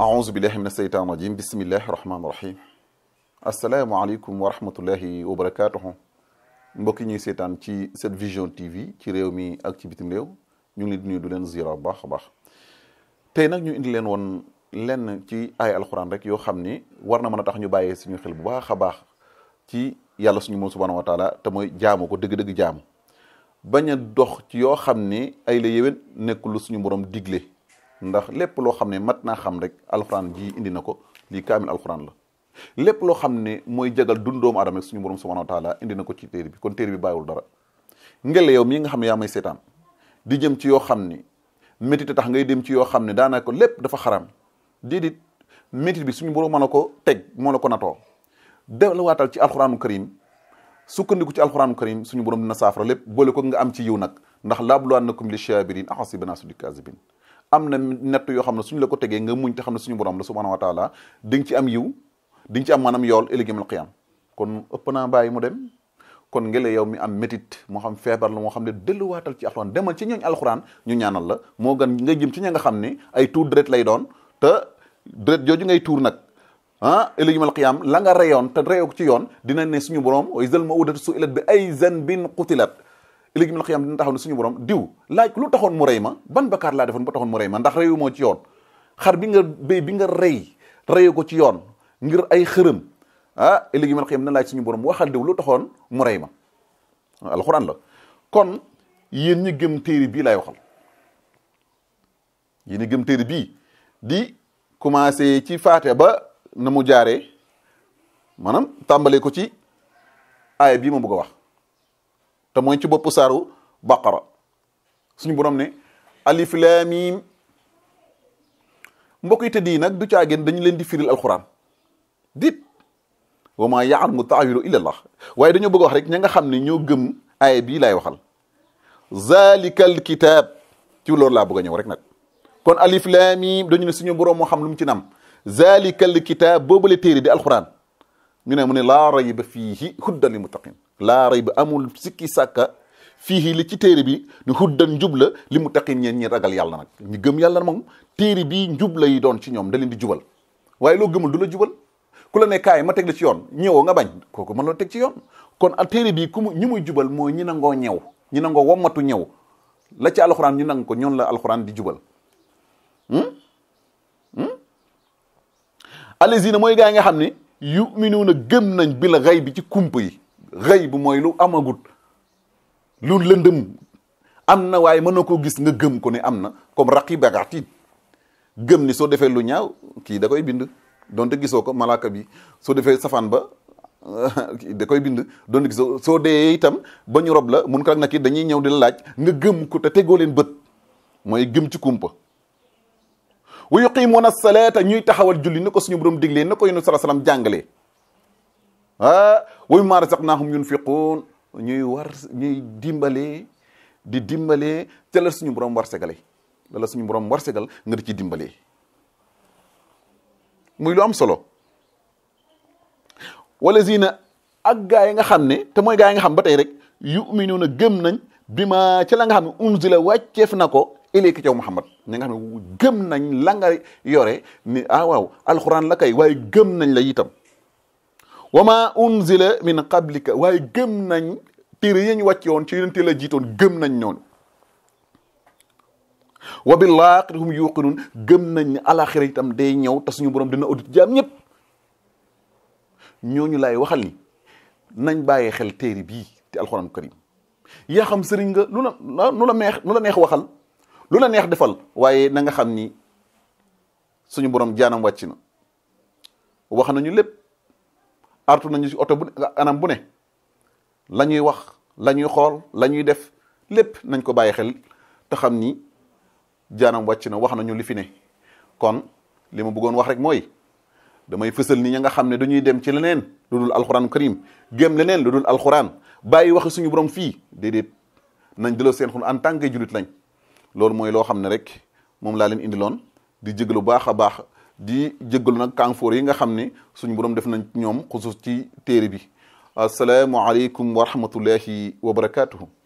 aouzu billahi min aseytaan rajim bismillahi rahmaani rahim asalaamualeykum wa rahmatullahi wa barakatuhu mbokki ñuy seetaan ci 7 vision tv ci réew mi ak ci bitim réew ñu ngi leen di nuyu du leen ziara bu baax a baax tey nag ñu indi leen woon lenn ci ay alxuraan rek yoo xam ni war na mën a tax ñu bàyyee suñu xel bu baax a baax ci yàlla suñu moom subhanahu wa taala te mooy jaamu ko dëgg-dëgg jaamu bañ a dox ci yoo xam ni ay la yéwén nekk lu suñu borom digle ndax lépp loo xam ne mat naa xam rek alxuraan ji indi na ko lii kaamil alxuraan la lépp loo xam ne mooy jagal dund doomu suñu borom subhanahu wa taala indi na ko ci téere bi kon téere bi bàyyiwul dara ngele yow mii nga xam ne yaa may seetam di jëm ci yoo xam ni métit tax ngay dem ci yoo xam ne daanaa lépp dafa xaram déedéet métit bi suñu borom mën a ko teg moo la ko natoo delluwaatal ci alxuraanu karim sukkandiku ci alxuraanu karim suñu borom dina saafara lépp boole ko nga am ci yiw nag ndax laabluwannakum li shabirin ahasibanaa sudi kazibin am na nett yoo xam ne suñu la ko tegee nga muñ te xam ne suñu borom la subhanahu wa taala ci am yiw di nga ci am maanaam yool ëllëgëmal xiyam kon ëpp naa bàyyi mu dem kon ngele yow mi am métit moo xam feebar la moo xam ne delluwaatal ci alxuraan demal ci ñooñ alxuraan ñu ñaanal la moo gën nga jëm ci ña nga xam ne ay tuur deret lay doon te deret jooju ngay tuur nag ah ëllëgëmal xiyam la nga reyoon te reyoo ko ci yoon dina ne suñu borom wa izal mawudatu su'ilat bi ay zanbin qutilat léegi mel xiyam dina taxaw ne suñu borom diw laaj lu taxoon mu rey ma ban bakkaar laa defoon ba taxoon mu rey ma ndax reyu moo ci yoon xar bi nga béy bi nga rey reyu ko ci yoon ngir ay xërëm ah léegi mel xiyam dina laaj suñu borom waxal diw lu taxoon mu rey ma alxuraan la kon yéen ñi gëm téere bii lay waxal yéen ñi gëm téere bii di commencé ci faate ba na mu jaaree maanaam tàmbale ko ci aaya bi ma bëgg a wax te mooy ci boppu saaru baqara suñu borom ne alif laam miim mbokk nag du caageen dañu leen di firil alquran dit wa maa yaalamu taawilu illa allah waaye dañoo bëgg wax rek ña nga xam ne ñoo gëm aaya bii lay waxal zalika al kitab loolu laa bëgg ñëw rek nag kon alif laam dañu ne suñu borom moo xam lu mu ci nam zalika al kitab boobale téere di alquran ñu ne mu ne laa rayba fiihi huddan lil muttaqin laa rayb amul sikki sàkka fii li ci téere bi ni huddan njub li mu taqin ñeen ñi ragal yàlla nag ñu gëm yàlla moom téere bi njubla yi doon ci ñoom da leen di jubal waaye loo gëmul du la jubal ku la ne kaay ma teg la ci yoon ñëwoo nga bañ ko mën loo teg ci yoon kon téere bii ku mu ñi muy jubal moo ñi nangoo ñëw ñi nangoo wommatu ñëw la ci alxuraan ñu nang ko ñoon la alxuraan di jubal hmm? hmm? alésina mooy gaa yi nga xam ne na gëm nañ bil gayb bi ci kumpa yi xëy bu mooy lu amagut lu lëndëm am na waaye mën na koo gis nga gëm ko ne am na comme raqib ak atid gëm ni soo defee lu ñaaw kii da koy bind donte gisoo ko malaaka bi soo defee safaan ba da koy bind donte gisoo soo dee itam ba ñu rob la mun ka ko ak nag dañuy ñëw di la laaj nga gëm ko te tegoo leen bët mooy gëm ci kumpa wa yuqimuuna salaata ñuy taxawal julli ni ko suñu borom diglee ni ko yonent nu alayhi wasallam jàngalee ah wa mimmaa razaqnaahum yunfiquun ñuy war ñuy dimbalee di dimbale te la suñu borom war segale suñu borom war segal nga di ci dimbalee muy lu am solo wala zina ak gaa yi nga xam ne te mooy gaa nga xam ba tey rek na gëm nañ bi ma ca la xam ne unzila wàcceef na ko ilayka caw Muhammad ñi xam ne gëm nañ la yore ni ah waaw alxuraan la kay waaye gëm nañ la itam wa ma unzila min qablika waaye gëm nañ téere yañ wàcce woon ci yonente la jiitoon gëm nañ noonu wa bil hum yuuqinuun gëm nañ ne alaxira itam day ñëw ta suñu borom dina audit jaam ñépp ñooñu lay waxal ni nañ bàyyee xel téere bii te alxuraan karim yaxam xam sëriñ nga lu la nu la neex waxal lu la neex defal waaye nanga xam ni suñu borom jaanam wàcc na wax nañu lépp artu nañu si oto bu anam bu ne la ñuy wax la ñuy xool la ñuy def lépp nañ ko bàyyi xel te xam ni jaanam wàcc na wax nañu li fi ne kon li ma bëggoon wax rek mooy damay fësal ni ña nga xam ne dañuy dem ci leneen lu dul alxuraan karim gém leneen lu dul alxuraan bàyyi waxi suñu borom fii déedéet nañ delloo seen xol en tant que julit lañ loolu mooy loo xam ne rek moom laa leen indiloon di jégalu baax a baax. di jéggalu nag kanfoor yi nga xam ni suñu borom def nañ ñoom xusus ci téere bi asalaamualeykum wa rahmatullahi wa barakatuhu